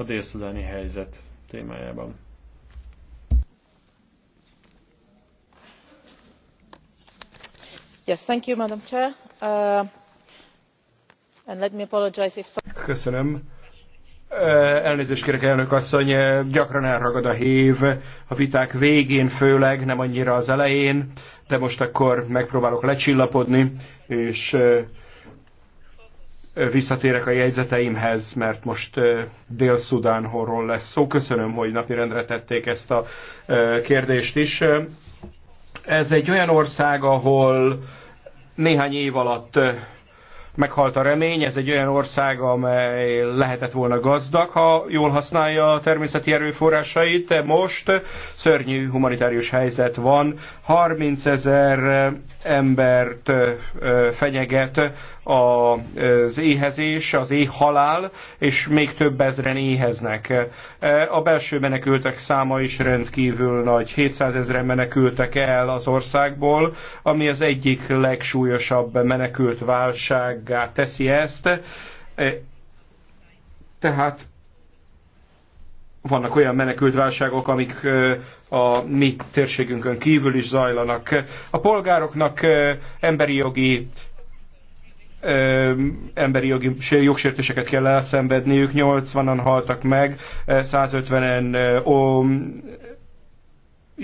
a délszudáni helyzet témájában. Yes, thank you, Madam Chair. Uh, and let me apologize if so Köszönöm. Uh, elnézést kérek, elnök asszony, uh, gyakran elragad a hív, a viták végén főleg, nem annyira az elején, de most akkor megpróbálok lecsillapodni, és uh, visszatérek a jegyzeteimhez, mert most dél horról lesz szó. Köszönöm, hogy napirendre tették ezt a kérdést is. Ez egy olyan ország, ahol néhány év alatt meghalt a remény, ez egy olyan ország, amely lehetett volna gazdag, ha jól használja a természeti erőforrásait, most szörnyű humanitárius helyzet van, 30 ezer embert fenyeget az éhezés, az éhhalál, és még több ezren éheznek. A belső menekültek száma is rendkívül nagy. 700 ezren menekültek el az országból, ami az egyik legsúlyosabb menekült válsággá teszi ezt. Tehát vannak olyan menekültválságok, amik a mi térségünkön kívül is zajlanak. A polgároknak emberi jogi emberi jogi jogsértéseket kell elszenvedniük, 80-an haltak meg, 150-en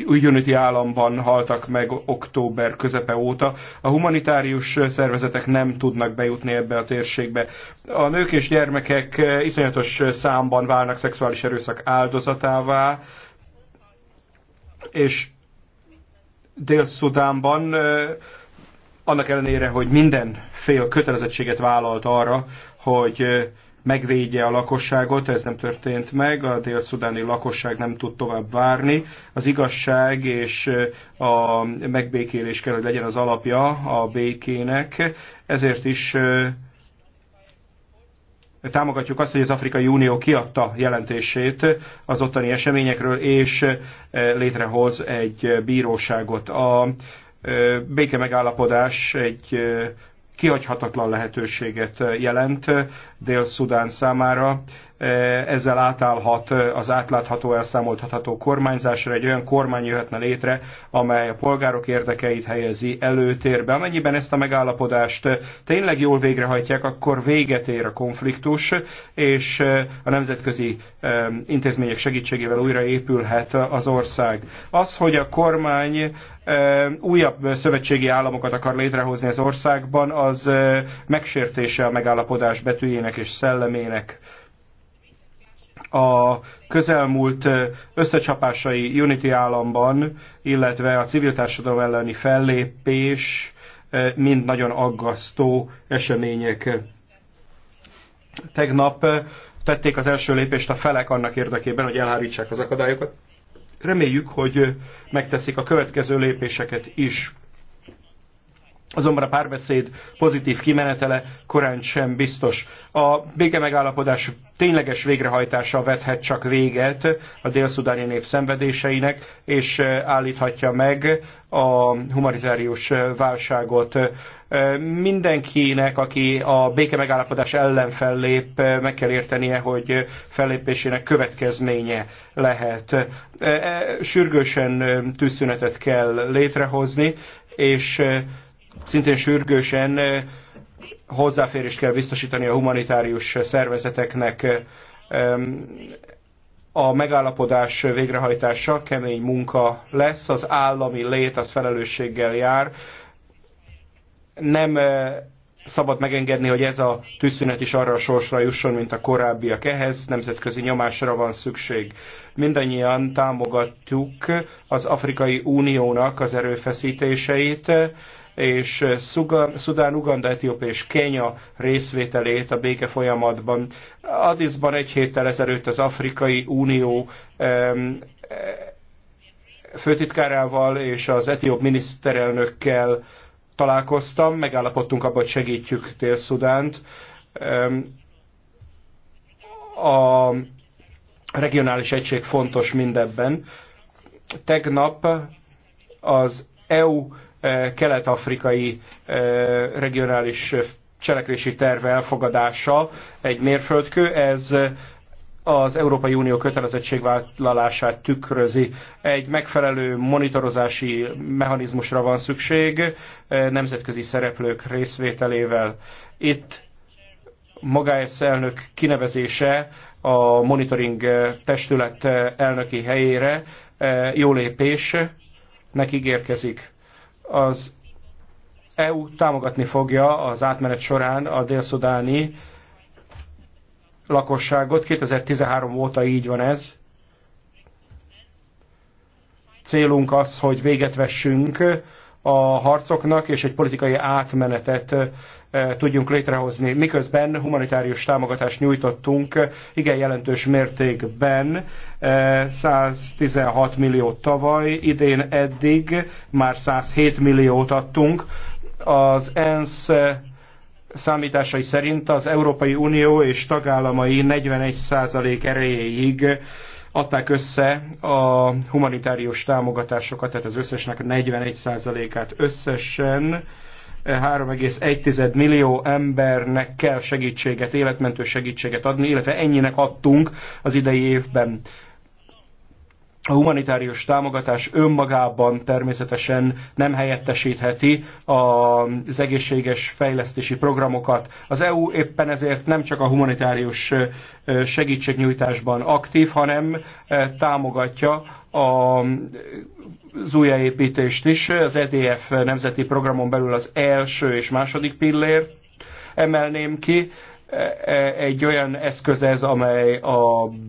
Unity államban haltak meg október közepe óta. A humanitárius szervezetek nem tudnak bejutni ebbe a térségbe. A nők és gyermekek iszonyatos számban válnak szexuális erőszak áldozatává, és Dél-Szudánban eh, annak ellenére, hogy minden fél kötelezettséget vállalt arra, hogy eh, megvédje a lakosságot, ez nem történt meg, a dél-szudáni lakosság nem tud tovább várni. Az igazság és a megbékélés kell, hogy legyen az alapja a békének, ezért is támogatjuk azt, hogy az Afrikai Unió kiadta jelentését az ottani eseményekről, és létrehoz egy bíróságot. A béke megállapodás egy kihagyhatatlan lehetőséget jelent Dél-Szudán számára, Eh, ezzel átállhat eh, az átlátható, elszámoltható kormányzásra, egy olyan kormány jöhetne létre, amely a polgárok érdekeit helyezi előtérbe. Amennyiben ezt a megállapodást eh, tényleg jól végrehajtják, akkor véget ér a konfliktus, és a nemzetközi intézmények segítségével újraépülhet az ország. Az, hogy a kormány újabb szövetségi államokat akar létrehozni az országban, az megsértése a megállapodás betűjének és szellemének a közelmúlt összecsapásai Unity államban, illetve a civil társadalom elleni fellépés mind nagyon aggasztó események. Tegnap tették az első lépést a felek annak érdekében, hogy elhárítsák az akadályokat. Reméljük, hogy megteszik a következő lépéseket is. Azonban a párbeszéd pozitív kimenetele korán sem biztos. A béke megállapodás tényleges végrehajtása vethet csak véget a délszudáni nép szenvedéseinek, és eh, állíthatja meg a humanitárius eh, válságot. Eh, mindenkinek, aki a béke megállapodás ellen fellép, meg kell értenie, hogy fellépésének következménye lehet. Sürgősen tűzszünetet kell létrehozni, és szintén sürgősen hozzáférést kell biztosítani a humanitárius szervezeteknek. A megállapodás végrehajtása kemény munka lesz, az állami lét az felelősséggel jár. Nem szabad megengedni, hogy ez a tűzszünet is arra a sorsra jusson, mint a korábbiak ehhez, nemzetközi nyomásra van szükség. Mindannyian támogatjuk az Afrikai Uniónak az erőfeszítéseit, és eh, Szudán, Uganda, Etiópia és Kenya részvételét a béke folyamatban. Addisban egy héttel ezelőtt az Afrikai Unió eh, főtitkárával és az etióp miniszterelnökkel találkoztam, megállapodtunk abban, hogy segítjük tél szudánt A regionális egység fontos mindebben. Tegnap az EU kelet-afrikai regionális cselekvési terv elfogadása egy mérföldkő. Ez az Európai Unió kötelezettségvállalását tükrözi. Egy megfelelő monitorozási mechanizmusra van szükség nemzetközi szereplők részvételével. Itt Magáesz elnök kinevezése a monitoring testület elnöki helyére jó lépés, nekik érkezik. Az EU támogatni fogja az átmenet során a délszudáni lakosságot. 2013 óta így van ez. Célunk az, hogy véget vessünk a harcoknak, és egy politikai átmenetet tudjunk létrehozni. Miközben humanitárius támogatást nyújtottunk igen jelentős mértékben, 116 millió tavaly, idén eddig már 107 milliót adtunk. Az ENSZ számításai szerint az Európai Unió és tagállamai 41% erejéig adták össze a humanitárius támogatásokat, tehát az összesnek 41%-át összesen 3,1 millió embernek kell segítséget, életmentő segítséget adni, illetve ennyinek adtunk az idei évben a humanitárius támogatás önmagában természetesen nem helyettesítheti az egészséges fejlesztési programokat. Az EU éppen ezért nem csak a humanitárius segítségnyújtásban aktív, hanem támogatja az újjáépítést is. Az EDF nemzeti programon belül az első és második pillér emelném ki, E, e, egy olyan eszköz ez, amely a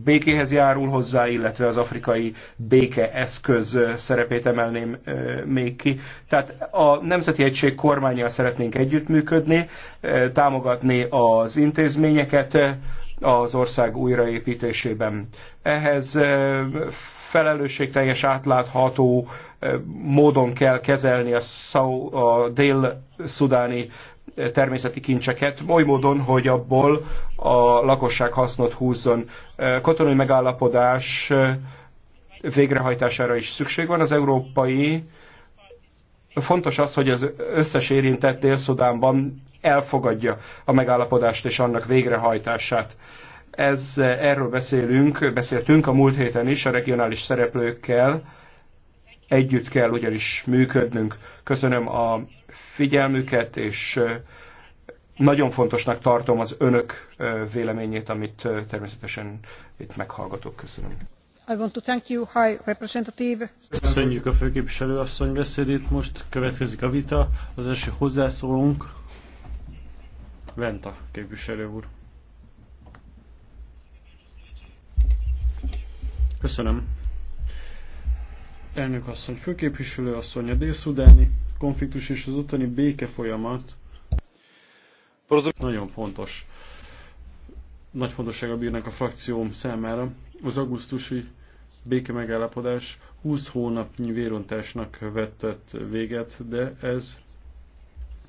békéhez járul hozzá, illetve az afrikai béke eszköz szerepét emelném e, még ki. Tehát a Nemzeti Egység kormányjal szeretnénk együttműködni, támogatni az intézményeket az ország újraépítésében. Ehhez felelősségteljes, átlátható módon kell kezelni a, a dél-szudáni természeti kincseket, oly módon, hogy abból a lakosság hasznot húzzon. Katonai megállapodás végrehajtására is szükség van. Az európai fontos az, hogy az összes érintett Dél-Szudánban elfogadja a megállapodást és annak végrehajtását. Ez, erről beszélünk, beszéltünk a múlt héten is a regionális szereplőkkel, együtt kell ugyanis működnünk. Köszönöm a figyelmüket, és nagyon fontosnak tartom az önök véleményét, amit természetesen itt meghallgatok. Köszönöm. I want to thank you, High Representative. Köszönjük a főképviselő asszony beszédét. Most következik a vita. Az első hozzászólunk. Venta képviselő úr. Köszönöm. Elnök asszony, főképviselő asszony, a dél-szudáni konfliktus és az utáni béke folyamat nagyon fontos. Nagy fontossága bírnak a frakcióm számára. Az augusztusi béke megállapodás 20 hónapnyi vérontásnak vetett véget, de ez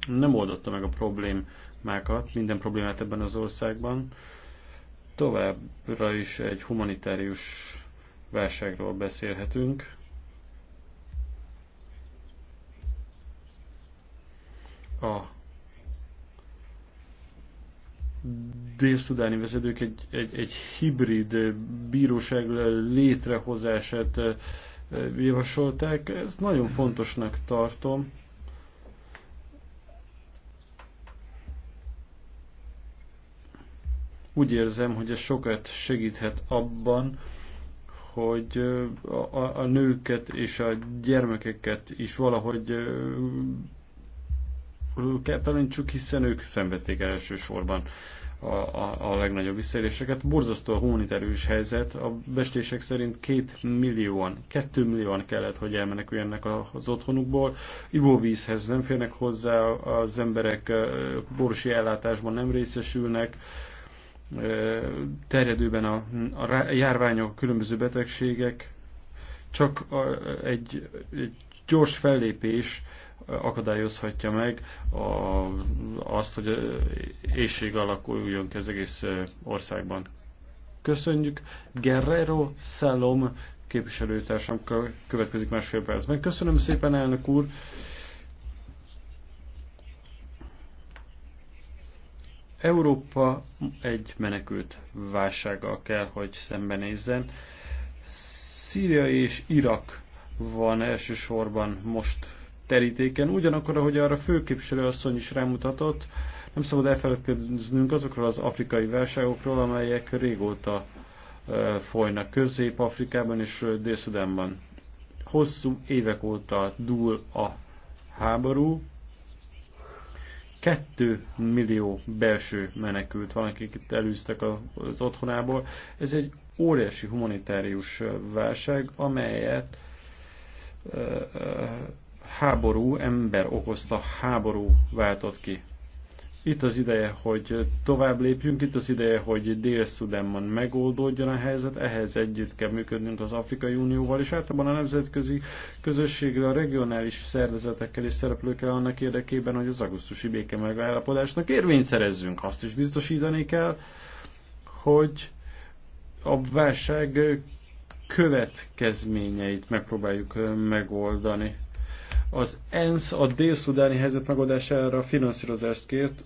nem oldotta meg a problémákat, minden problémát ebben az országban. Továbbra is egy humanitárius válságról beszélhetünk. a dél-szudáni vezetők egy, egy, egy hibrid bíróság létrehozását javasolták. Ez nagyon fontosnak tartom. Úgy érzem, hogy ez sokat segíthet abban, hogy a, a, a nőket és a gyermekeket is valahogy kell tanítsuk, hiszen ők szenvedték elsősorban a, a, a legnagyobb visszaéléseket. Borzasztó a humanitárius helyzet, a bestések szerint két millióan, kettő millióan kellett, hogy elmeneküljenek az otthonukból. Ivóvízhez nem férnek hozzá, az emberek borsi ellátásban nem részesülnek, terjedőben a, a járványok, a különböző betegségek, csak egy, egy gyors fellépés akadályozhatja meg a, azt, hogy éjség alakuljon ki az egész országban. Köszönjük. Guerrero Salom képviselőtársam következik másfél percben. Köszönöm szépen, elnök úr. Európa egy menekült válsággal kell, hogy szembenézzen. Szíria és Irak van elsősorban most terítéken, ugyanakkor, ahogy arra főképviselő asszony is rámutatott, nem szabad elfelelkeznünk azokról az afrikai válságokról, amelyek régóta folynak Közép-Afrikában és Dél-Szudánban. Hosszú évek óta dúl a háború, Kettő millió belső menekült van, akik itt elűztek az otthonából. Ez egy óriási humanitárius válság, amelyet háború, ember okozta háború váltott ki. Itt az ideje, hogy tovább lépjünk, itt az ideje, hogy Dél-Szudánban megoldódjon a helyzet, ehhez együtt kell működnünk az Afrikai Unióval, és általában a nemzetközi közösségre, a regionális szervezetekkel és szereplőkkel annak érdekében, hogy az augusztusi béke megállapodásnak érvényt szerezzünk. Azt is biztosítani kell, hogy a válság következményeit megpróbáljuk megoldani. Az ENSZ a dél-szudáni helyzet megoldására finanszírozást kért.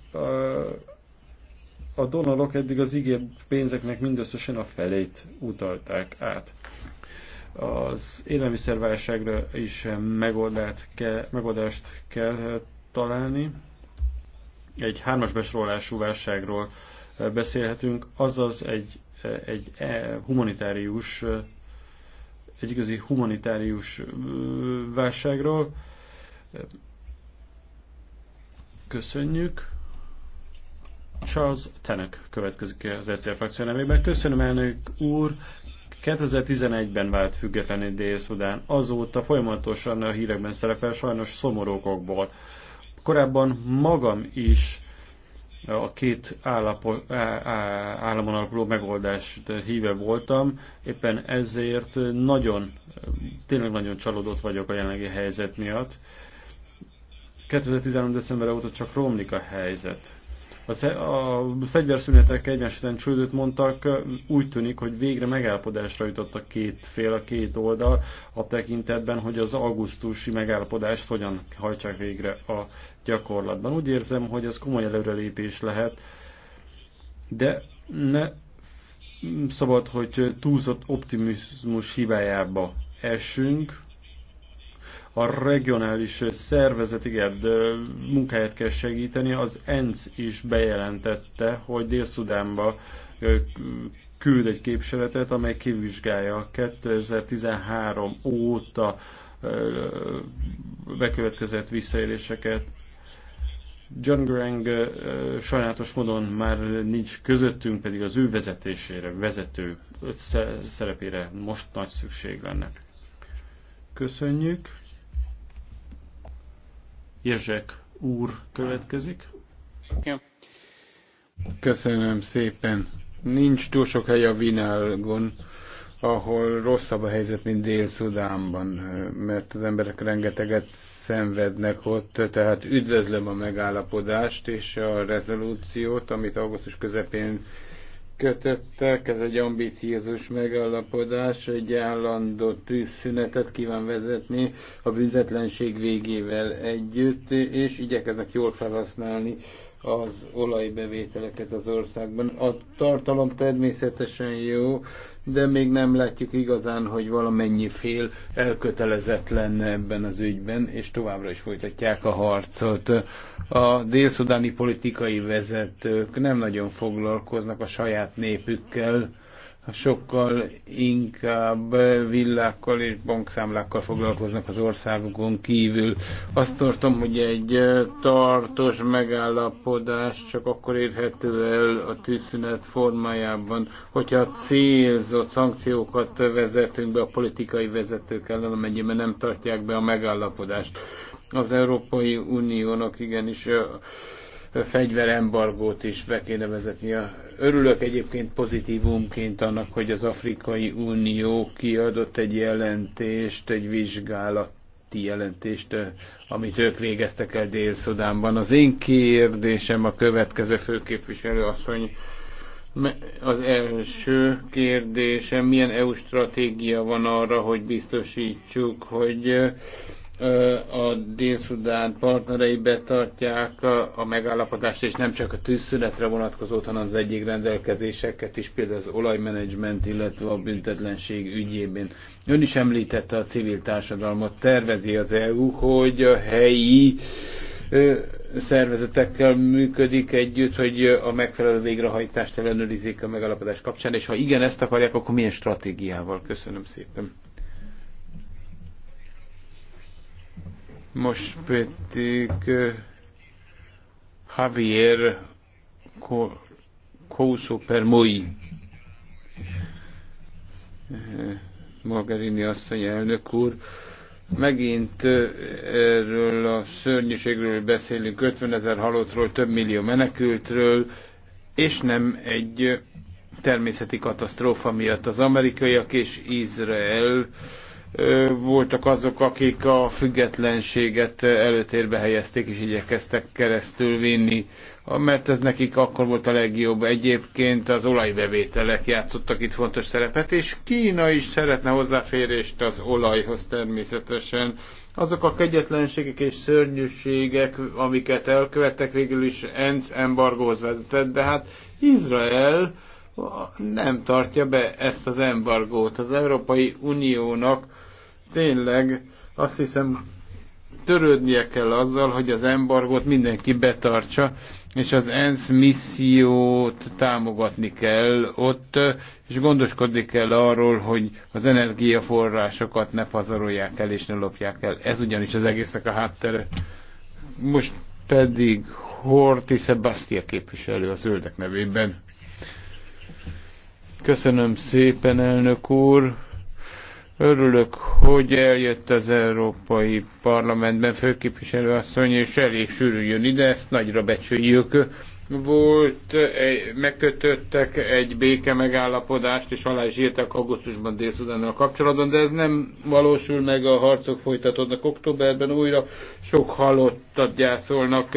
A donorok eddig az ígért pénzeknek mindösszesen a felét utalták át. Az élelmiszerválságra is megoldást kell, megoldást eh, kell találni. Egy hármas besorolású válságról eh, beszélhetünk, azaz egy, eh, egy humanitárius, egy igazi humanitárius válságról, Köszönjük. Charles Tenek következik az ECR frakció nevében. Köszönöm elnök úr. 2011-ben vált független Dél-Szudán. Azóta folyamatosan a hírekben szerepel sajnos szomorú Korábban magam is a két állapo, államon alapuló megoldást híve voltam, éppen ezért nagyon, tényleg nagyon csalódott vagyok a jelenlegi helyzet miatt. 2013. december óta csak romlik a helyzet. A, a fegyverszünetek egymás csődöt mondtak, úgy tűnik, hogy végre megállapodásra jutott a két fél, a két oldal a tekintetben, hogy az augusztusi megállapodást hogyan hajtsák végre a gyakorlatban. Úgy érzem, hogy ez komoly előrelépés lehet, de ne szabad, hogy túlzott optimizmus hibájába essünk, a regionális szervezet, igen, munkáját kell segíteni. Az ENSZ is bejelentette, hogy Dél-Szudánba küld egy képseletet, amely kivizsgálja a 2013 óta bekövetkezett visszaéléseket. John Grang sajnálatos módon már nincs közöttünk, pedig az ő vezetésére, vezető szerepére most nagy szükség lenne. Köszönjük! Jezsek úr következik. Köszönöm szépen. Nincs túl sok hely a Vinálgon, ahol rosszabb a helyzet, mint Dél-Szudánban, mert az emberek rengeteget szenvednek ott, tehát üdvözlöm a megállapodást és a rezolúciót, amit augusztus közepén kötöttek, ez egy ambíciózus megállapodás, egy állandó tűzszünetet kíván vezetni a büntetlenség végével együtt, és igyekeznek jól felhasználni az olajbevételeket az országban. A tartalom természetesen jó, de még nem látjuk igazán, hogy valamennyi fél elkötelezett lenne ebben az ügyben, és továbbra is folytatják a harcot. A délszudáni politikai vezetők nem nagyon foglalkoznak a saját népükkel, sokkal inkább villákkal és bankszámlákkal foglalkoznak az országokon kívül. Azt tartom, hogy egy tartós megállapodás csak akkor érhető el a tűzszünet formájában, hogyha célzott szankciókat vezetünk be a politikai vezetők ellen, amennyiben nem tartják be a megállapodást. Az Európai Uniónak igenis fegyverembargót is be kéne vezetni. Örülök egyébként pozitívumként annak, hogy az Afrikai Unió kiadott egy jelentést, egy vizsgálati jelentést, eh, amit ők végeztek el Dél-Szudánban. Az én kérdésem a következő főképviselő asszony, az első kérdésem, milyen EU stratégia van arra, hogy biztosítsuk, hogy eh, a Dél-Szudán partnerei betartják a megállapodást, és nem csak a tűzszünetre vonatkozót, hanem az egyik rendelkezéseket is, például az olajmenedzsment, illetve a büntetlenség ügyében. Ön is említette a civil társadalmat, tervezi az EU, hogy a helyi szervezetekkel működik együtt, hogy a megfelelő végrehajtást ellenőrizzék a megállapodás kapcsán, és ha igen, ezt akarják, akkor milyen stratégiával? Köszönöm szépen. Most pedig Javier Couso Permoi. Magarini asszony elnök úr. Megint erről a szörnyűségről beszélünk, 50 ezer halottról, több millió menekültről, és nem egy természeti katasztrófa miatt. Az amerikaiak és Izrael voltak azok, akik a függetlenséget előtérbe helyezték és igyekeztek keresztül vinni, mert ez nekik akkor volt a legjobb. Egyébként az olajbevételek játszottak itt fontos szerepet, és Kína is szeretne hozzáférést az olajhoz természetesen. Azok a kegyetlenségek és szörnyűségek, amiket elkövettek, végül is ENSZ embargóhoz vezetett, de hát Izrael nem tartja be ezt az embargót. Az Európai Uniónak tényleg azt hiszem törődnie kell azzal, hogy az embargót mindenki betartsa, és az ENSZ missziót támogatni kell ott, és gondoskodni kell arról, hogy az energiaforrásokat ne pazarolják el és ne lopják el. Ez ugyanis az egésznek a háttere. Most pedig Horti Sebastia képviselő a zöldek nevében. Köszönöm szépen, elnök úr! Örülök, hogy eljött az Európai Parlamentben főképviselő asszony, és elég sűrűjön ide, ezt nagyra becsüljük. Volt, eh, megkötöttek egy béke megállapodást, és alá is írtak augusztusban dél a kapcsolatban, de ez nem valósul meg, a harcok folytatódnak októberben újra, sok halottat gyászolnak,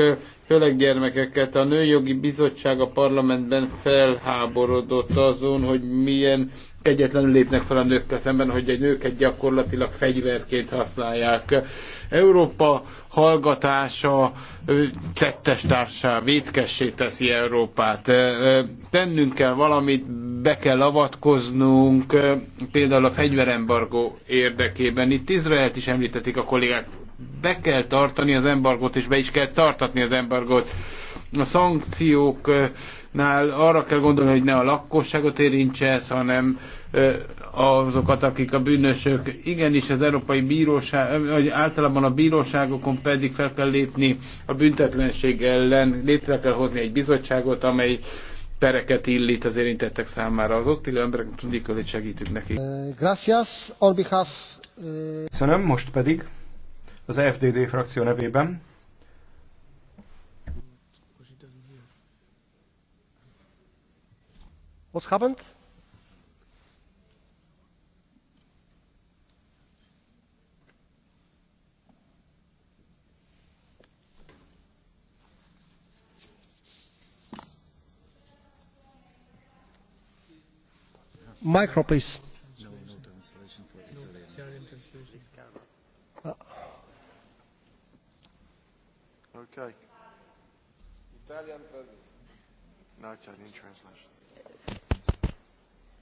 főleg gyermekeket. A Nőjogi Bizottság a parlamentben felháborodott azon, hogy milyen egyetlenül lépnek fel a nőkkel szemben, hogy egy nőket gyakorlatilag fegyverként használják. Európa hallgatása társá, védkessé teszi Európát. Tennünk kell valamit, be kell avatkoznunk, például a fegyverembargó érdekében. Itt Izraelt is említetik a kollégák. Be kell tartani az embargót, és be is kell tartatni az embargót a szankcióknál arra kell gondolni, hogy ne a lakosságot érintse ez, hanem azokat, akik a bűnösök. Igenis, az Európai Bíróság, vagy általában a bíróságokon pedig fel kell lépni a büntetlenség ellen, létre kell hozni egy bizottságot, amely pereket illít az érintettek számára. Az ott élő emberek tudjuk, hogy segítünk nekik. Eh, gracias, on behalf... Eh, Köszönöm, most pedig az FDD frakció nevében what happened? Micro, please. Okay. Italian translation No, uh. No Italian translation.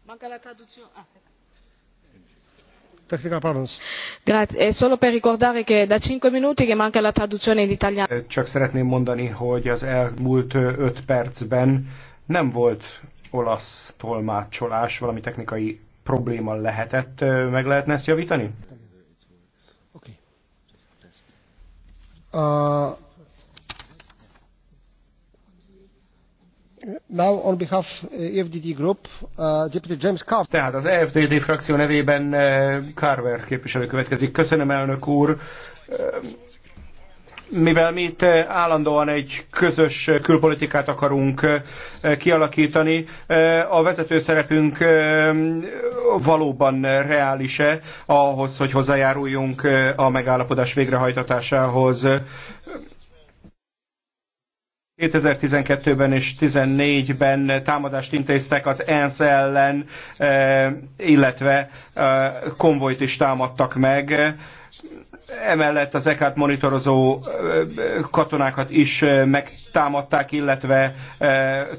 Ah, csak szeretném mondani, hogy az elmúlt öt percben nem volt olasz tolmácsolás, valami technikai probléma lehetett. Meg lehetne ezt javítani? Now on behalf uh, Group, uh, Deputy James Carver. Tehát az EFDD frakció nevében uh, Carver képviselő következik. Köszönöm, elnök úr. Uh, mivel mi itt uh, állandóan egy közös uh, külpolitikát akarunk kialakítani, a vezető szerepünk valóban reális-e ahhoz, hogy hozzájáruljunk a megállapodás végrehajtatásához. 2012-ben és 2014-ben támadást intéztek az ENSZ ellen, eh, illetve eh, konvojt is támadtak meg. Emellett az ECAT monitorozó eh, katonákat is megtámadták, illetve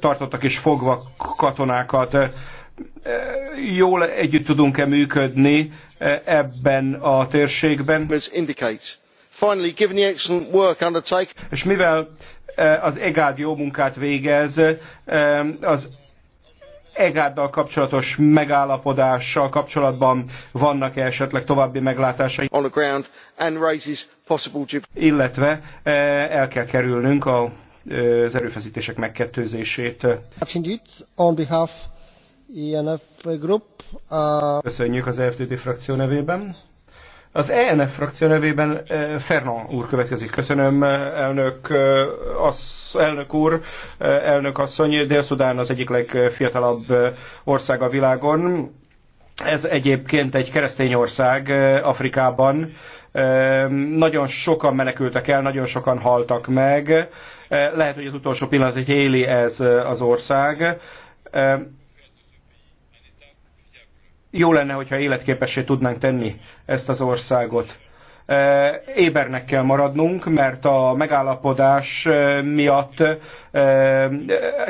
tartottak is fogva katonákat. Jól együtt tudunk-e működni ebben a térségben? És mivel eh, az EGÁD jó munkát végez, eh, az EGÁD-dal kapcsolatos megállapodással kapcsolatban vannak-e esetleg további meglátásai, on the ground and raises possible... illetve eh, el kell kerülnünk a, az erőfeszítések megkettőzését. E group, uh, Köszönjük az e FDD frakció nevében. Az ENF frakció nevében eh, Fernand úr következik. Köszönöm, eh, elnök, eh, az, elnök úr, elnök asszony. Dél-Szudán az egyik legfiatalabb ország a világon. Ez egyébként egy keresztény ország Afrikában. Nagyon sokan menekültek el, nagyon sokan haltak meg. Lehet, hogy az utolsó pillanat hogy éli ez az ország jó lenne, hogyha életképessé tudnánk tenni ezt az országot. E, Ébernek kell maradnunk, mert a megállapodás e, miatt e,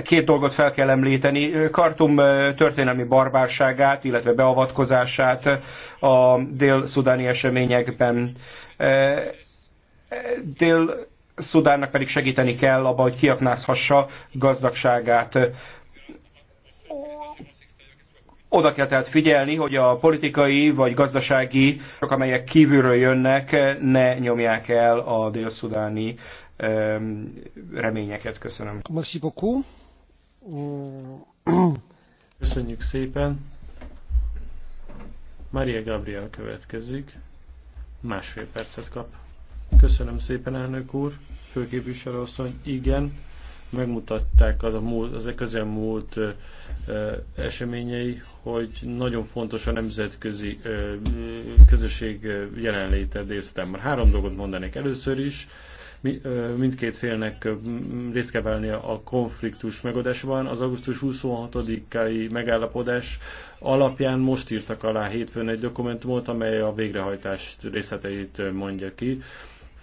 két dolgot fel kell említeni. Kartum történelmi barbárságát, illetve beavatkozását a dél-szudáni eseményekben. Dél Szudánnak pedig segíteni kell abban, hogy kiaknázhassa gazdagságát. Oda kell tehát figyelni, hogy a politikai vagy gazdasági, amelyek kívülről jönnek, ne nyomják el a dél-szudáni reményeket. Köszönöm. Merci beaucoup. Köszönjük szépen. Maria Gabriel következik. Másfél percet kap. Köszönöm szépen, elnök úr. Főképviselőasszony, igen megmutatták az a, múlt, az a közelmúlt eseményei, hogy nagyon fontos a nemzetközi közösség jelenléte részletem. már Három dolgot mondanék. Először is Mi mindkét félnek részt kell válni a konfliktus megoldásban. Az augusztus 26-ai megállapodás alapján most írtak alá hétfőn egy dokumentumot, amely a végrehajtást részleteit mondja ki.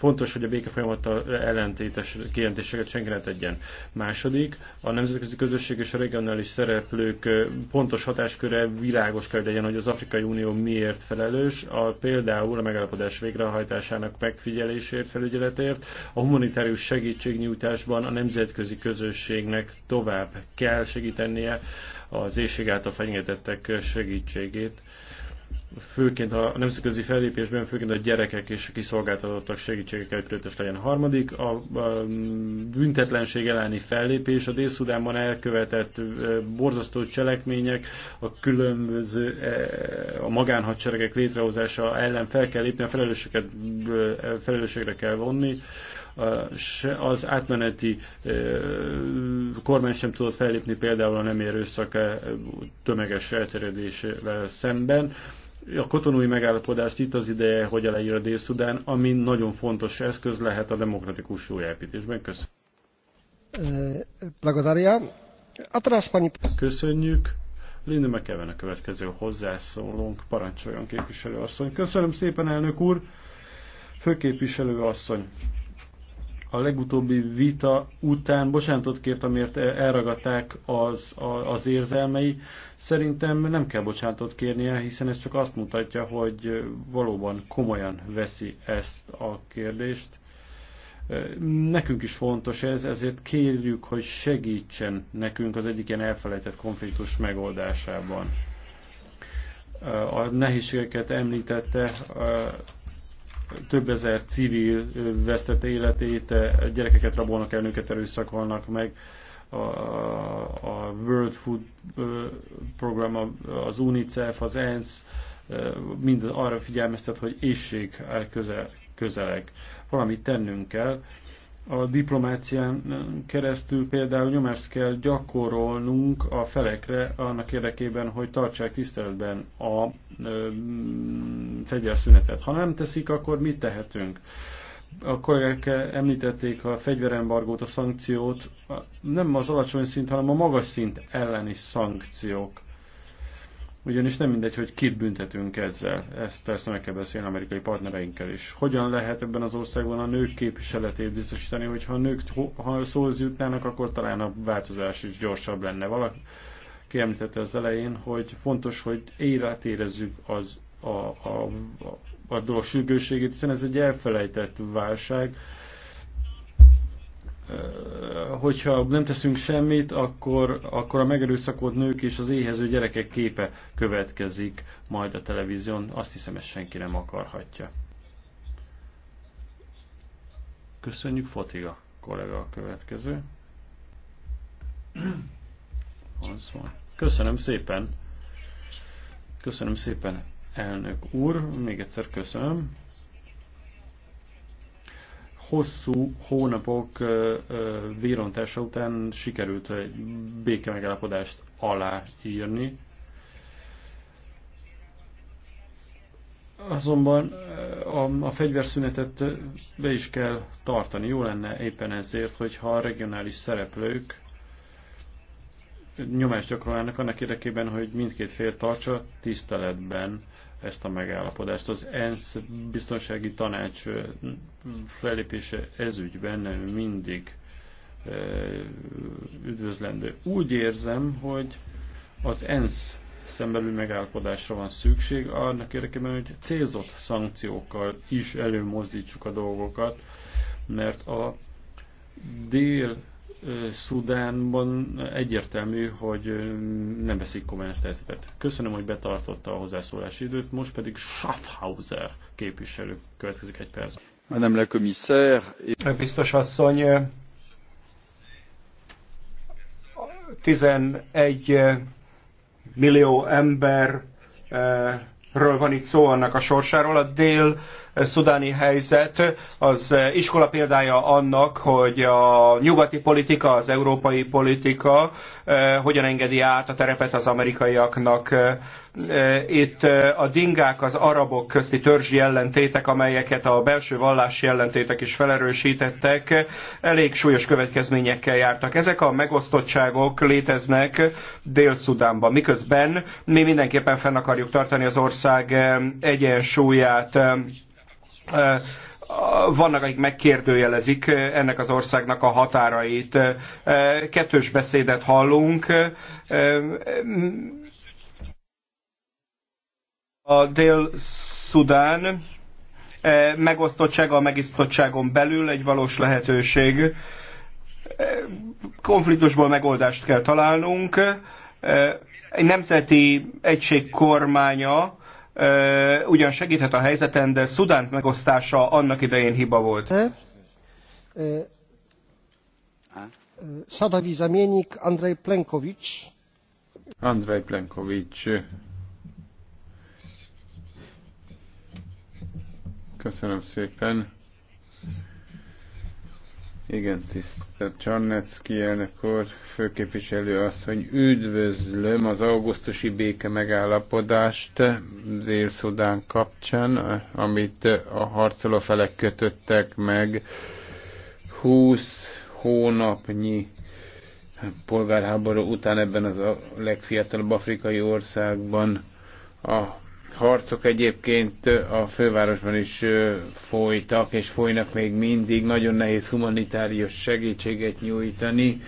Fontos, hogy a béke folyamattal ellentétes kijelentéseket senki ne tegyen. Második, a nemzetközi közösség és a regionális szereplők pontos hatásköre világos kell legyen, hogy az Afrikai Unió miért felelős, a, például a megállapodás végrehajtásának megfigyelésért, felügyeletért, a humanitárius segítségnyújtásban a nemzetközi közösségnek tovább kell segítenie az éjség által fenyegetettek segítségét főként a nemzetközi fellépésben, főként a gyerekek és a kiszolgáltatottak segítsége kerültös legyen. A harmadik, a büntetlenség elleni fellépés, a Dél-Szudánban elkövetett borzasztó cselekmények, a különböző e, a magánhadseregek létrehozása ellen fel kell lépni, a felelősséget, felelősségre kell vonni az átmeneti kormány sem tudott fellépni például a nem érőszak tömeges elterjedésével szemben a kotonói megállapodást itt az ideje, hogy elejjön a Dél-Szudán, ami nagyon fontos eszköz lehet a demokratikus újjáépítésben. Köszönöm. Eh, Köszönjük. Linda McEwen a következő hozzászólónk. Parancsoljon képviselő asszony. Köszönöm szépen, elnök úr. Főképviselő asszony a legutóbbi vita után bocsánatot kért, amiért elragadták az, az érzelmei. Szerintem nem kell bocsánatot kérnie, hiszen ez csak azt mutatja, hogy valóban komolyan veszi ezt a kérdést. Nekünk is fontos ez, ezért kérjük, hogy segítsen nekünk az egyik ilyen elfelejtett konfliktus megoldásában. A nehézségeket említette, több ezer civil vesztette életét, gyerekeket rabolnak el, nőket erőszakolnak meg. A, a World Food Program, az UNICEF, az ENSZ mind arra figyelmeztet, hogy ésség közel, közeleg. Valamit tennünk kell, a diplomácián keresztül például nyomást kell gyakorolnunk a felekre annak érdekében, hogy tartsák tiszteletben a mm, fegyverszünetet. Ha nem teszik, akkor mit tehetünk? A kollégák említették a fegyverembargót, a szankciót, nem az alacsony szint, hanem a magas szint elleni szankciók ugyanis nem mindegy, hogy kit büntetünk ezzel. Ezt persze meg kell beszélni amerikai partnereinkkel is. Hogyan lehet ebben az országban a nők képviseletét biztosítani, hogyha a nők ha szóhoz jutnának, akkor talán a változás is gyorsabb lenne. Valaki kiemlítette az elején, hogy fontos, hogy élet érezzük az, a, a, a, a dolog sürgőségét, hiszen ez egy elfelejtett válság, hogyha nem teszünk semmit, akkor, akkor a megerőszakolt nők és az éhező gyerekek képe következik majd a televízión. Azt hiszem, ezt senki nem akarhatja. Köszönjük, Fotiga kollega a következő. Köszönöm szépen. Köszönöm szépen, elnök úr. Még egyszer köszönöm hosszú hónapok vérontása után sikerült egy békemegállapodást aláírni. Azonban a, a fegyverszünetet be is kell tartani. Jó lenne éppen ezért, hogyha a regionális szereplők nyomást gyakorolnának annak érdekében, hogy mindkét fél tartsa tiszteletben ezt a megállapodást. Az ENSZ biztonsági tanács felépése ezügyben mindig üdvözlendő. Úgy érzem, hogy az ENSZ szembelül megállapodásra van szükség, annak érdekében, hogy célzott szankciókkal is előmozdítsuk a dolgokat, mert a dél Szudánban egyértelmű, hogy nem veszik komolyan ezt a helyzetet. Köszönöm, hogy betartotta a hozzászólási időt, most pedig Schaffhauser képviselő következik egy perc. Madame la commissaire. Biztos asszony, 11 millió emberről van itt szó annak a sorsáról, a dél szudáni helyzet az iskola példája annak, hogy a nyugati politika, az európai politika eh, hogyan engedi át a terepet az amerikaiaknak. Eh, itt eh, a dingák, az arabok közti törzsi ellentétek, amelyeket a belső vallási ellentétek is felerősítettek, elég súlyos következményekkel jártak. Ezek a megosztottságok léteznek Dél-Szudánban, miközben mi mindenképpen fenn akarjuk tartani az ország egyensúlyát Eh, vannak, akik megkérdőjelezik eh, ennek az országnak a határait. Eh, kettős beszédet hallunk. A Dél-Szudán megosztottsága a megisztottságon belül egy valós lehetőség. Konfliktusból megoldást kell találnunk. Egy nemzeti egység kormánya ugyan segíthet a helyzeten, de Szudánt megosztása annak idején hiba volt. Szadavi zamienik Andrej Plenkovics. Andrej Plenkovics. Köszönöm szépen. Igen, tisztelt Csarnecki elnök úr, főképviselő hogy üdvözlöm az augusztusi béke megállapodást Dél-Szudán kapcsán, amit a harcoló felek kötöttek meg 20 hónapnyi polgárháború után ebben az a legfiatalabb afrikai országban a harcok egyébként a fővárosban is folytak, és folynak még mindig. Nagyon nehéz humanitárius segítséget nyújtani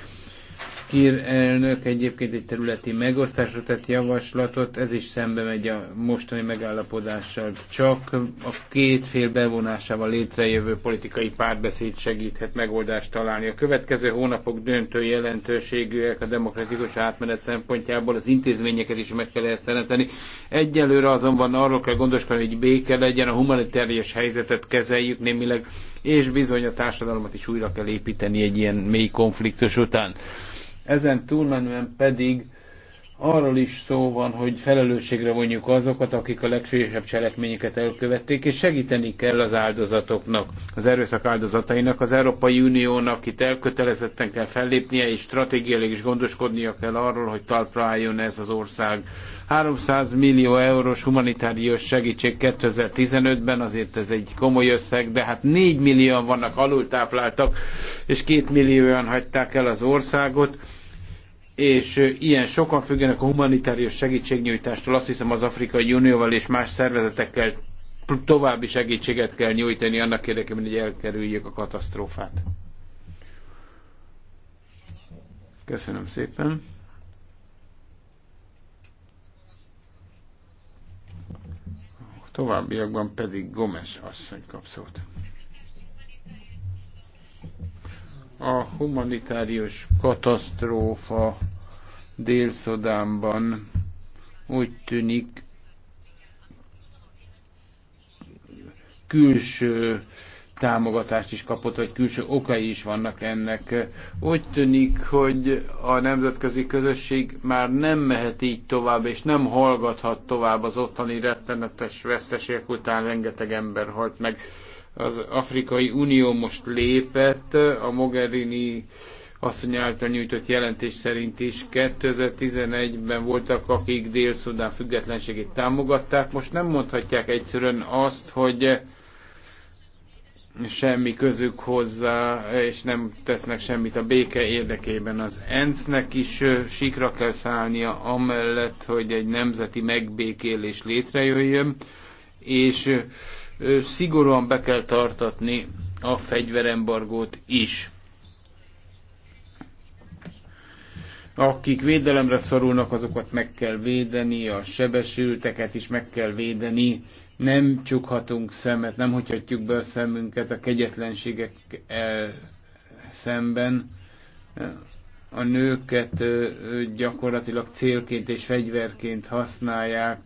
Stier elnök egyébként egy területi megosztásra tett javaslatot, ez is szembe megy a mostani megállapodással. Csak a két fél bevonásával létrejövő politikai párbeszéd segíthet megoldást találni. A következő hónapok döntő jelentőségűek a demokratikus átmenet szempontjából, az intézményeket is meg kell ezt teremteni. Egyelőre azonban arról kell gondoskodni, hogy béke legyen, a humanitárius helyzetet kezeljük némileg, és bizony a társadalmat is újra kell építeni egy ilyen mély konfliktus után. Ezen túlmenően pedig arról is szó van, hogy felelősségre vonjuk azokat, akik a legsúlyosabb cselekményeket elkövették, és segíteni kell az áldozatoknak, az erőszak áldozatainak. Az Európai Uniónak itt elkötelezetten kell fellépnie, és stratégiailag is gondoskodnia kell arról, hogy talpra álljon ez az ország. 300 millió eurós humanitárius segítség 2015-ben, azért ez egy komoly összeg, de hát 4 millióan vannak alultápláltak, és 2 millióan hagyták el az országot és ilyen sokan függenek a humanitárius segítségnyújtástól, azt hiszem az Afrikai Unióval és más szervezetekkel további segítséget kell nyújtani annak érdekében, hogy elkerüljék a katasztrófát. Köszönöm szépen. Továbbiakban pedig Gomes asszony kap szót. A humanitárius katasztrófa Dél-Szodánban úgy tűnik külső támogatást is kapott, vagy külső okai is vannak ennek. Úgy tűnik, hogy a nemzetközi közösség már nem mehet így tovább, és nem hallgathat tovább az ottani rettenetes veszteségek után rengeteg ember halt meg. Az Afrikai Unió most lépett, a Mogherini asszony által nyújtott jelentés szerint is 2011-ben voltak, akik Dél-Szudán függetlenségét támogatták. Most nem mondhatják egyszerűen azt, hogy semmi közük hozzá, és nem tesznek semmit a béke érdekében. Az ENSZ-nek is sikra kell szállnia amellett, hogy egy nemzeti megbékélés létrejöjjön, és szigorúan be kell tartatni a fegyverembargót is. Akik védelemre szorulnak, azokat meg kell védeni, a sebesülteket is meg kell védeni. Nem csukhatunk szemet, nem hagyhatjuk be a szemünket a kegyetlenségek el szemben a nőket gyakorlatilag célként és fegyverként használják,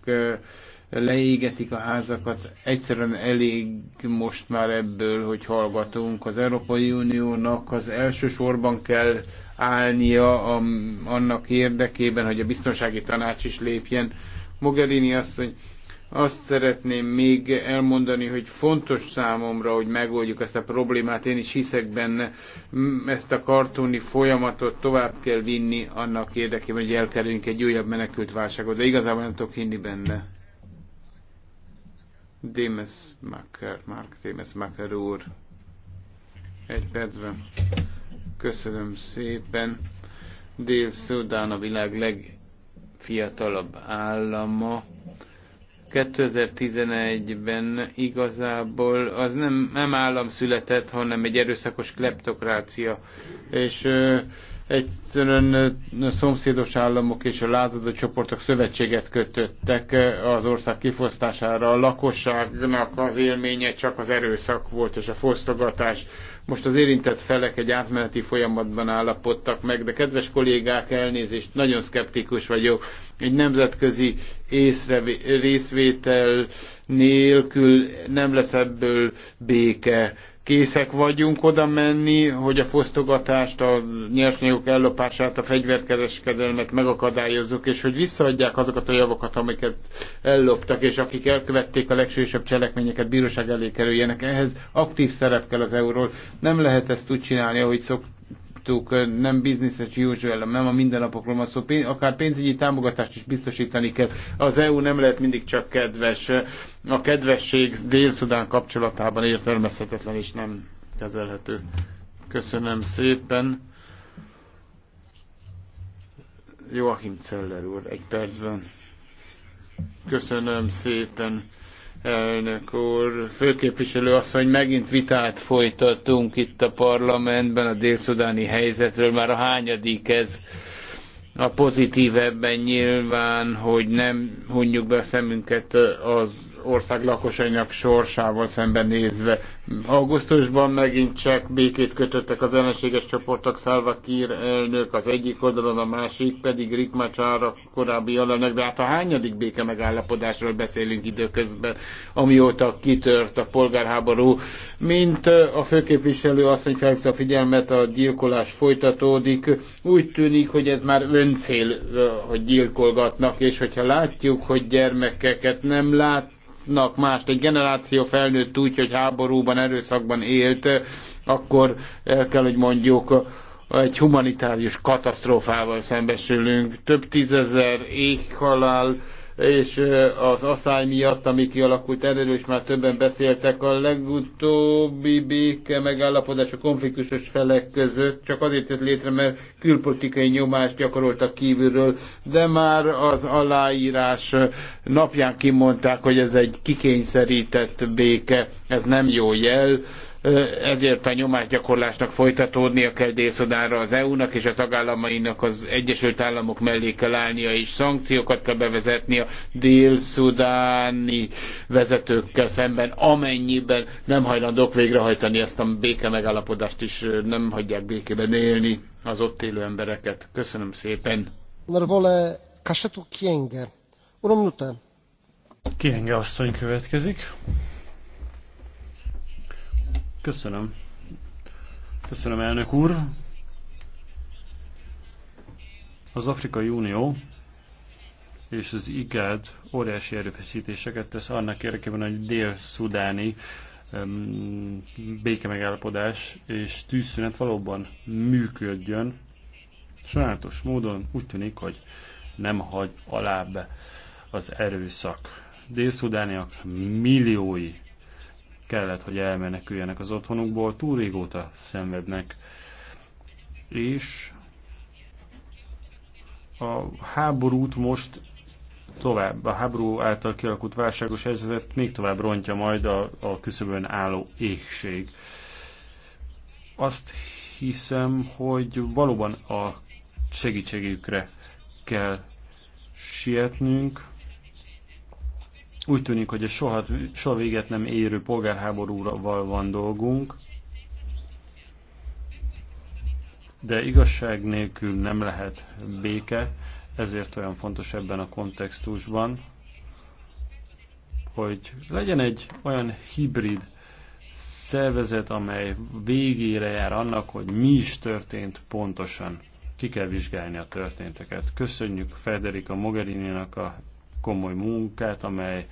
leégetik a házakat. Egyszerűen elég most már ebből, hogy hallgatunk. Az Európai Uniónak az elsősorban kell állnia a, annak érdekében, hogy a biztonsági tanács is lépjen. Mogherini asszony, azt szeretném még elmondani, hogy fontos számomra, hogy megoldjuk ezt a problémát, én is hiszek benne, ezt a kartoni folyamatot tovább kell vinni annak érdekében, hogy elkerüljünk egy újabb menekült válságot, de igazából nem tudok hinni benne. Démes Macker, Mark Démes Macker úr. Egy percben. Köszönöm szépen. Dél-Szudán a világ legfiatalabb állama. 2011-ben igazából az nem, nem állam született, hanem egy erőszakos kleptokrácia. És ö, Egyszerűen a szomszédos államok és a lázadó csoportok szövetséget kötöttek az ország kifosztására. A lakosságnak az élménye csak az erőszak volt és a fosztogatás. Most az érintett felek egy átmeneti folyamatban állapodtak meg, de kedves kollégák, elnézést, nagyon szkeptikus vagyok. Egy nemzetközi észre, részvétel nélkül nem lesz ebből béke készek vagyunk oda menni, hogy a fosztogatást, a nyersanyagok ellopását, a fegyverkereskedelmet megakadályozzuk, és hogy visszaadják azokat a javakat, amiket elloptak, és akik elkövették a legsősebb cselekményeket, bíróság elé kerüljenek. Ehhez aktív szerep kell az euról. Nem lehet ezt úgy csinálni, ahogy szoktuk láttuk, nem business as usual, nem a mindennapokról van szó, akár pénzügyi támogatást is biztosítani kell. Az EU nem lehet mindig csak kedves. A kedvesség Dél-Szudán kapcsolatában értelmezhetetlen és nem kezelhető. Köszönöm szépen. Joachim Celler úr, egy percben. Köszönöm szépen elnök úr, főképviselő asszony, megint vitát folytatunk itt a parlamentben a délszudáni helyzetről, már a hányadik ez a pozitív ebben nyilván, hogy nem hunjuk be a szemünket az ország lakosainak sorsával szemben nézve. Augusztusban megint csak békét kötöttek az ellenséges csoportok, Szálva Kír elnök az egyik oldalon, a másik pedig Rick Machar a korábbi jelenleg, de hát a hányadik béke megállapodásról beszélünk időközben, amióta kitört a polgárháború. Mint a főképviselő azt, mondja, hogy a figyelmet, a gyilkolás folytatódik. Úgy tűnik, hogy ez már öncél, hogy gyilkolgatnak, és hogyha látjuk, hogy gyermekeket nem lát, látnak mást. Egy generáció felnőtt úgy, hogy háborúban, erőszakban élt, akkor el kell, hogy mondjuk egy humanitárius katasztrófával szembesülünk. Több tízezer éhhalál, és az asszály miatt, ami kialakult erről és már többen beszéltek, a legutóbbi béke megállapodás a konfliktusos felek között csak azért jött létre, mert külpolitikai nyomást gyakoroltak kívülről, de már az aláírás napján kimondták, hogy ez egy kikényszerített béke, ez nem jó jel, ezért a nyomásgyakorlásnak folytatódnia kell Dél-Szudánra az EU-nak és a tagállamainak az Egyesült Államok mellé kell állnia és szankciókat kell bevezetni a dél-szudáni vezetőkkel szemben, amennyiben nem hajlandók végrehajtani ezt a béke megállapodást is, nem hagyják békében élni az ott élő embereket. Köszönöm szépen. Kienge asszony következik. Köszönöm. Köszönöm, elnök úr. Az Afrikai Unió és az IGAD óriási erőfeszítéseket tesz annak érdekében, hogy dél-szudáni békemegállapodás és tűzszünet valóban működjön. Sajnálatos módon úgy tűnik, hogy nem hagy alább az erőszak. Dél-szudániak milliói kellett, hogy elmeneküljenek az otthonukból, túl régóta szenvednek. És a háborút most tovább, a háború által kialakult válságos helyzetet még tovább rontja majd a, a küszöbön álló égség. Azt hiszem, hogy valóban a segítségükre kell sietnünk, úgy tűnik, hogy a soha, soha véget nem érő polgárháborúval van dolgunk, de igazság nélkül nem lehet béke, ezért olyan fontos ebben a kontextusban, hogy legyen egy olyan hibrid szervezet, amely végére jár annak, hogy mi is történt pontosan. Ki kell vizsgálni a történteket. Köszönjük Federica Mogherini-nak a komoly munkát, amely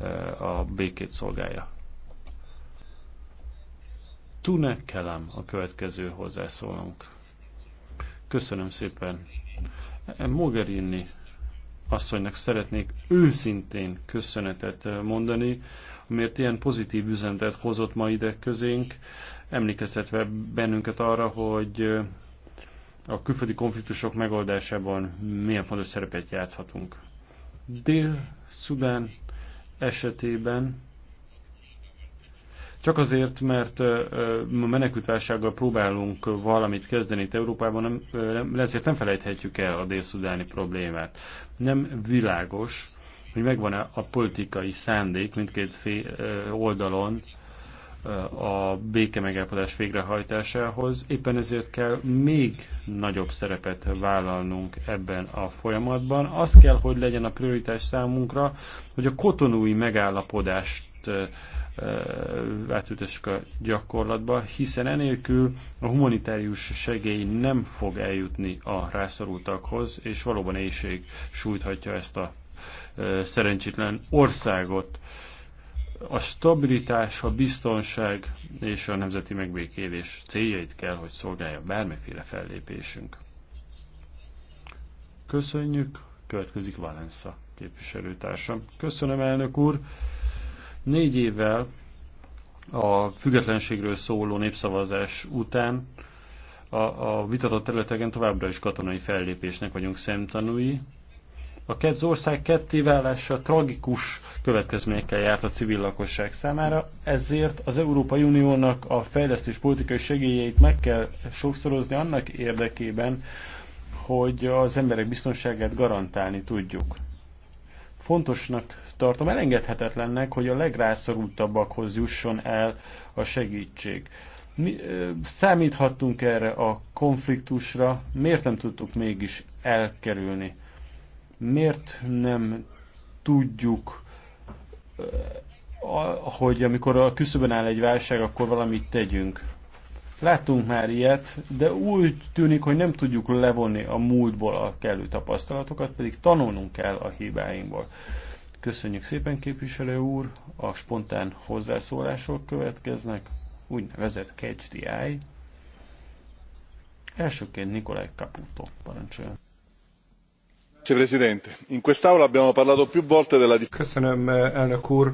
e, a békét szolgálja. Tune Kelem a következő hozzászólunk. Köszönöm szépen. E, Mogherini asszonynak szeretnék őszintén köszönetet e, mondani, mert ilyen pozitív üzenetet hozott ma ide közénk, emlékeztetve bennünket arra, hogy a külföldi konfliktusok megoldásában milyen fontos szerepet játszhatunk. Dél-Szudán esetében csak azért, mert a menekültválsággal próbálunk valamit kezdeni itt Európában, nem, nem, ezért nem felejthetjük el a dél dél-szudáni problémát. Nem világos, hogy megvan-e a politikai szándék mindkét fél oldalon a béke megállapodás végrehajtásához. Éppen ezért kell még nagyobb szerepet vállalnunk ebben a folyamatban. Az kell, hogy legyen a prioritás számunkra, hogy a kotonúi megállapodást átültessük a gyakorlatba, hiszen enélkül a humanitárius segély nem fog eljutni a rászorultakhoz, és valóban éjség sújthatja ezt a szerencsétlen országot a stabilitás, a biztonság és a nemzeti megbékélés céljait kell, hogy szolgálja bármiféle fellépésünk. Köszönjük, következik Valensza képviselőtársam. Köszönöm, elnök úr. Négy évvel a függetlenségről szóló népszavazás után a, a vitatott területeken továbbra is katonai fellépésnek vagyunk szemtanúi, a az ország kettéválása tragikus következményekkel járt a civil lakosság számára, ezért az Európai Uniónak a fejlesztés politikai segélyeit meg kell sokszorozni annak érdekében, hogy az emberek biztonságát garantálni tudjuk. Fontosnak tartom, elengedhetetlennek, hogy a legrászorultabbakhoz jusson el a segítség. Mi, számíthattunk erre a konfliktusra, miért nem tudtuk mégis elkerülni? Miért nem tudjuk, eh, hogy amikor a küszöbön áll egy válság, akkor valamit tegyünk? Láttunk már ilyet, de úgy tűnik, hogy nem tudjuk levonni a múltból a kellő tapasztalatokat, pedig tanulnunk kell a hibáinkból. Köszönjük szépen, képviselő úr! A spontán hozzászólások következnek, úgynevezett catch the eye. Elsőként Nikolaj Caputo parancsoljon signor presidente in quest'aula abbiamo parlato più volte della. köszönöm elnök úr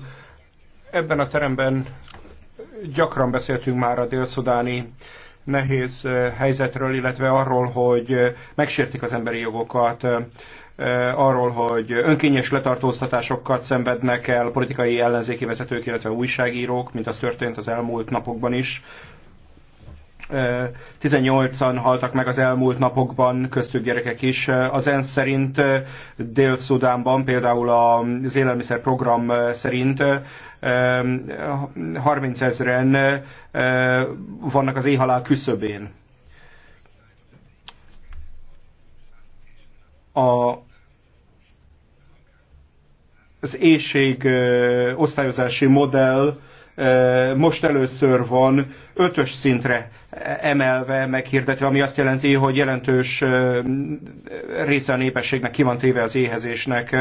ebben a teremben gyakran beszéltünk már a dél szudáni nehéz eh, helyzetről illetve arról hogy eh, megsértik az emberi jogokat eh, arról, hogy önkényes letartóztatásokat szenvednek el politikai ellenzéki vezetők, illetve újságírók, mint az történt az elmúlt napokban is. 18-an haltak meg az elmúlt napokban, köztük gyerekek is. Az ENSZ szerint Dél-Szudánban, például az élelmiszerprogram szerint 30 ezeren vannak az éhalál küszöbén. A az éjség osztályozási modell most először van ötös szintre emelve, meghirdetve, ami azt jelenti, hogy jelentős része a népességnek ki van téve az éhezésnek.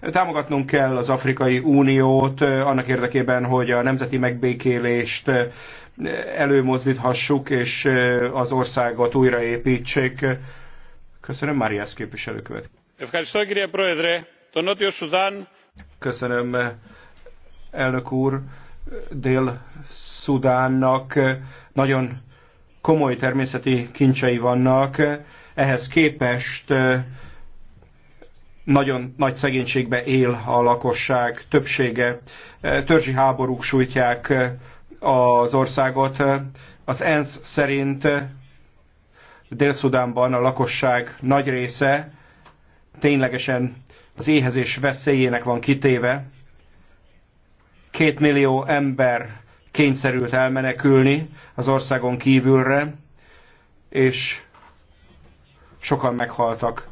Támogatnunk kell az Afrikai Uniót annak érdekében, hogy a nemzeti megbékélést előmozdíthassuk, és az országot újraépítsék. Köszönöm, Máriász képviselőkövet. Köszönöm, elnök úr. Dél-Szudánnak nagyon komoly természeti kincsei vannak, ehhez képest nagyon nagy szegénységbe él a lakosság többsége. Törzsi háborúk sújtják az országot. Az ENSZ szerint Dél-Szudánban a lakosság nagy része ténylegesen az éhezés veszélyének van kitéve, Két millió ember kényszerült elmenekülni az országon kívülre, és sokan meghaltak.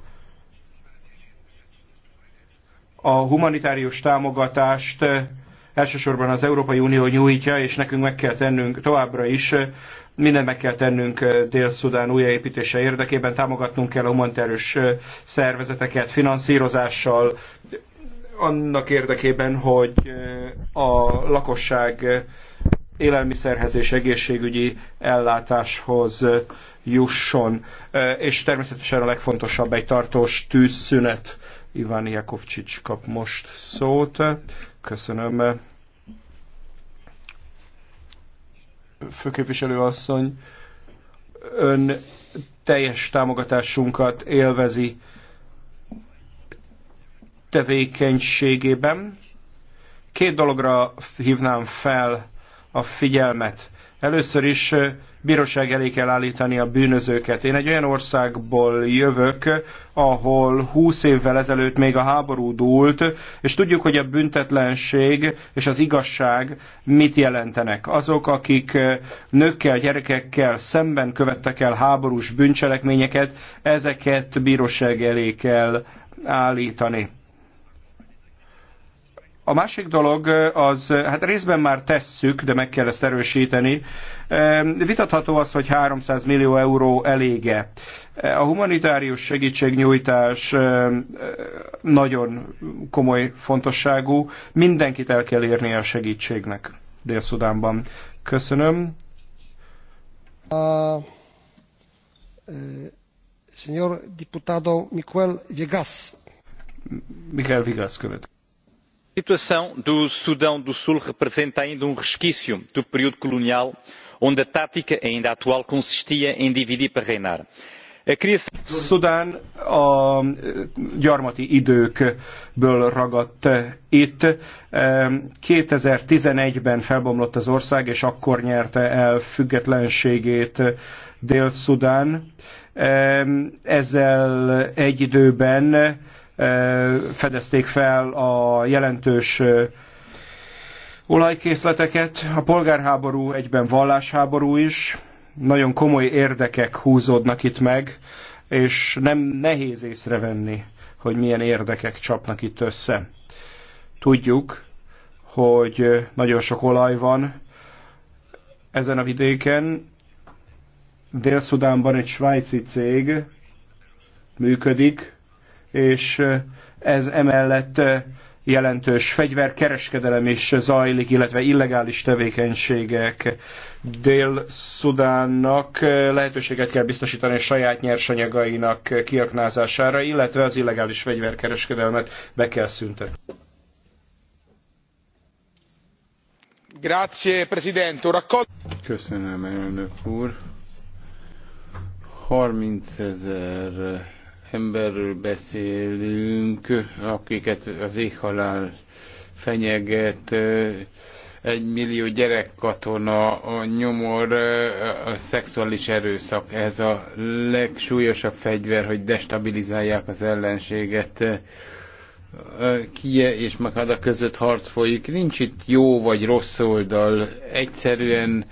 A humanitárius támogatást eh, elsősorban az Európai Unió nyújtja, és nekünk meg kell tennünk továbbra is, eh, mindent meg kell tennünk eh, Dél-Szudán újjáépítése érdekében, támogatnunk kell a humanitárius szervezeteket finanszírozással, annak érdekében, hogy eh, a lakosság eh, élelmiszerhez és egészségügyi ellátáshoz eh, jusson. És természetesen a legfontosabb egy tartós tűzszünet. Iván Jakovcsics kap most szót. Köszönöm. Főképviselő asszony, ön teljes támogatásunkat élvezi tevékenységében. Két dologra hívnám fel a figyelmet. Először is bíróság elé kell állítani a bűnözőket. Én egy olyan országból jövök, ahol 20 évvel ezelőtt még a háború dúlt, és tudjuk, hogy a büntetlenség és az igazság mit jelentenek. Azok, akik nőkkel, gyerekekkel szemben követtek el háborús bűncselekményeket, ezeket bíróság elé kell állítani a másik dolog az, hát részben már tesszük, de meg kell ezt erősíteni. Vitatható az, hogy 300 millió euró elége. A humanitárius segítségnyújtás nagyon komoly fontosságú. Mindenkit el kell érni a segítségnek Dél-Szudánban. Köszönöm. A, Senyor diputado Mikuel Vigas. Mikuel Vigas követ a situação do sudão do sul representa ainda um resquício do período colonial onde a tática ainda atual consistia em dividir para reinar. Szudán a gyarmati időkből ragadt itt. 2011-ben felbomlott az ország, és akkor nyerte el függetlenségét Dél-Szudán. Ezzel egy időben fedezték fel a jelentős olajkészleteket. A polgárháború egyben vallásháború is, nagyon komoly érdekek húzódnak itt meg, és nem nehéz észrevenni, hogy milyen érdekek csapnak itt össze. Tudjuk, hogy nagyon sok olaj van ezen a vidéken. Dél-Szudánban egy svájci cég működik, és ez emellett jelentős fegyverkereskedelem is zajlik, illetve illegális tevékenységek. Dél-Szudánnak lehetőséget kell biztosítani a saját nyersanyagainak kiaknázására, illetve az illegális fegyverkereskedelmet be kell szüntetni. Grazie, Presidente. Köszönöm, elnök úr. 30 ezer emberről beszélünk, akiket az éhhalál fenyeget, egy millió gyerekkatona, a nyomor, a szexuális erőszak, ez a legsúlyosabb fegyver, hogy destabilizálják az ellenséget. Kie és Makada között harc folyik, nincs itt jó vagy rossz oldal, egyszerűen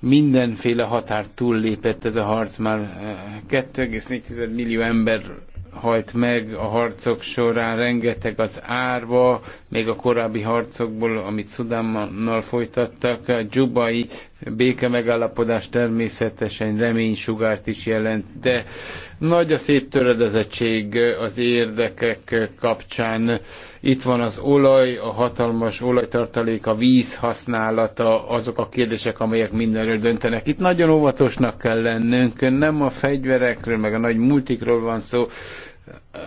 mindenféle határt túllépett ez a harc, már 2,4 eh, millió ember halt meg a harcok során, rengeteg az árva, még a korábbi harcokból, amit Szudánnal folytattak, a dzsubai béke megállapodás természetesen reménysugárt is jelent, de nagy a széttöredezettség az érdekek kapcsán itt van az olaj, a hatalmas olajtartalék, a víz használata, azok a kérdések, amelyek mindenről döntenek. Itt nagyon óvatosnak kell lennünk, nem a fegyverekről, meg a nagy multikról van szó,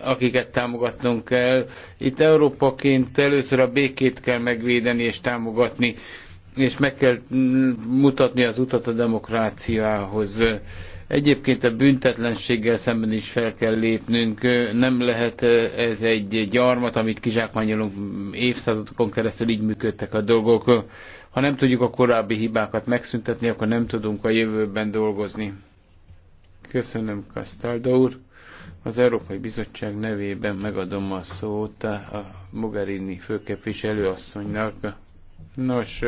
akiket támogatnunk kell. Itt Európaként először a békét kell megvédeni és támogatni, és meg kell mm, mutatni az utat a demokráciához Egyébként a büntetlenséggel szemben is fel kell lépnünk. Nem lehet ez egy gyarmat, amit kizsákmányolunk évszázadokon keresztül, így működtek a dolgok. Ha nem tudjuk a korábbi hibákat megszüntetni, akkor nem tudunk a jövőben dolgozni. Köszönöm, Kastalda úr. Az Európai Bizottság nevében megadom a szót a Mogherini asszonynak. Nos,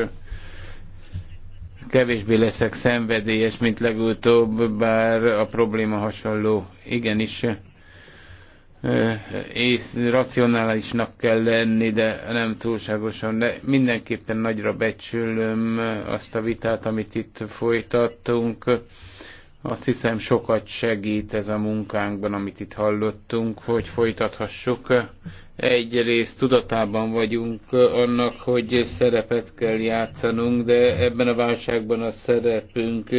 kevésbé leszek szenvedélyes, mint legutóbb, bár a probléma hasonló. Igenis, és racionálisnak kell lenni, de nem túlságosan. De mindenképpen nagyra becsülöm azt a vitát, amit itt folytattunk azt hiszem sokat segít ez a munkánkban, amit itt hallottunk, hogy folytathassuk. Egyrészt tudatában vagyunk annak, hogy szerepet kell játszanunk, de ebben a válságban a szerepünk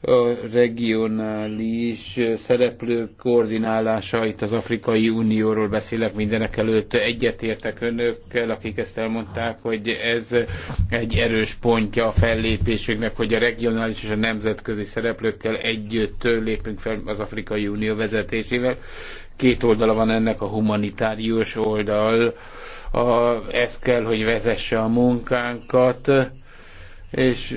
a regionális szereplők koordinálása, itt az Afrikai Unióról beszélek mindenek előtt, egyetértek önökkel, akik ezt elmondták, hogy ez egy erős pontja a fellépésünknek, hogy a regionális és a nemzetközi szereplőkkel együtt lépünk fel az Afrikai Unió vezetésével. Két oldala van ennek a humanitárius oldal, a, ez kell, hogy vezesse a munkánkat és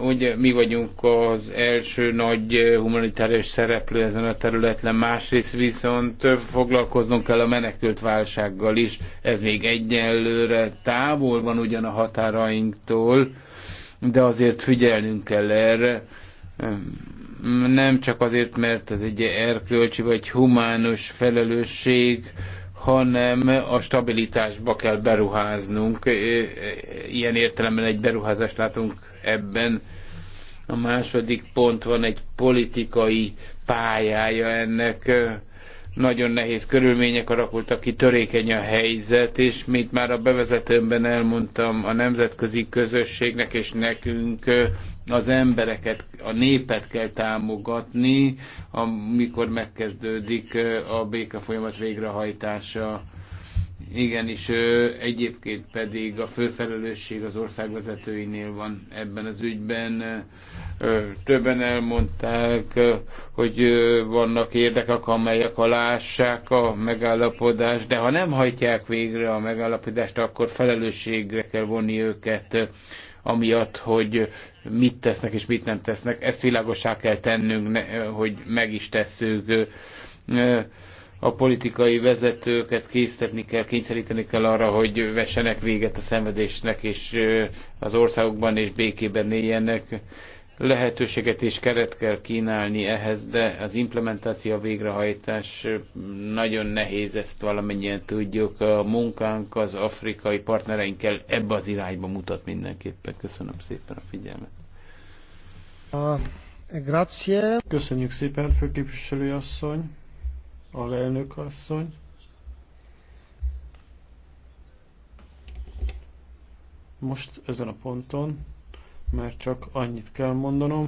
ugye mi vagyunk az első nagy humanitárius szereplő ezen a területen, másrészt viszont foglalkoznunk kell a menekült válsággal is, ez még egyenlőre távol van ugyan a határainktól, de azért figyelnünk kell erre, nem csak azért, mert ez egy erkölcsi vagy humánus felelősség, hanem a stabilitásba kell beruháznunk. E, e, ilyen értelemben egy beruházást látunk ebben. A második pont van egy politikai pályája ennek nagyon nehéz körülmények alakultak ki, törékeny a helyzet, és mint már a bevezetőmben elmondtam, a nemzetközi közösségnek és nekünk az embereket, a népet kell támogatni, amikor megkezdődik a béka folyamat végrehajtása igen ö, egyébként pedig a főfelelősség az országvezetőinél van ebben az ügyben. Többen elmondták, hogy vannak érdekek, amelyek alássák a megállapodást, de ha nem hajtják végre a megállapodást, akkor felelősségre kell vonni őket amiatt, hogy mit tesznek és mit nem tesznek. Ezt világosá kell tennünk, hogy meg is tesszük a politikai vezetőket késztetni kell, kényszeríteni kell arra, hogy vessenek véget a szenvedésnek, és az országokban és békében éljenek. Lehetőséget és keret kell kínálni ehhez, de az implementáció, a végrehajtás nagyon nehéz, ezt valamennyien tudjuk. A munkánk az afrikai partnereinkkel ebbe az irányba mutat mindenképpen. Köszönöm szépen a figyelmet. Köszönjük szépen, főképviselő asszony alelnök asszony. Most ezen a ponton már csak annyit kell mondanom,